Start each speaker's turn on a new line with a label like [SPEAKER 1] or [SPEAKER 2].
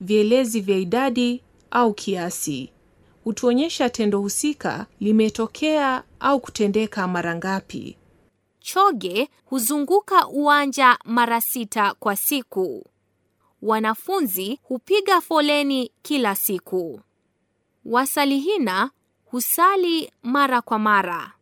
[SPEAKER 1] Vielezi vya idadi au kiasi hutuonyesha tendo husika limetokea au kutendeka mara ngapi. Choge huzunguka
[SPEAKER 2] uwanja mara sita kwa siku. Wanafunzi hupiga foleni kila siku. Wasalihina husali mara kwa mara.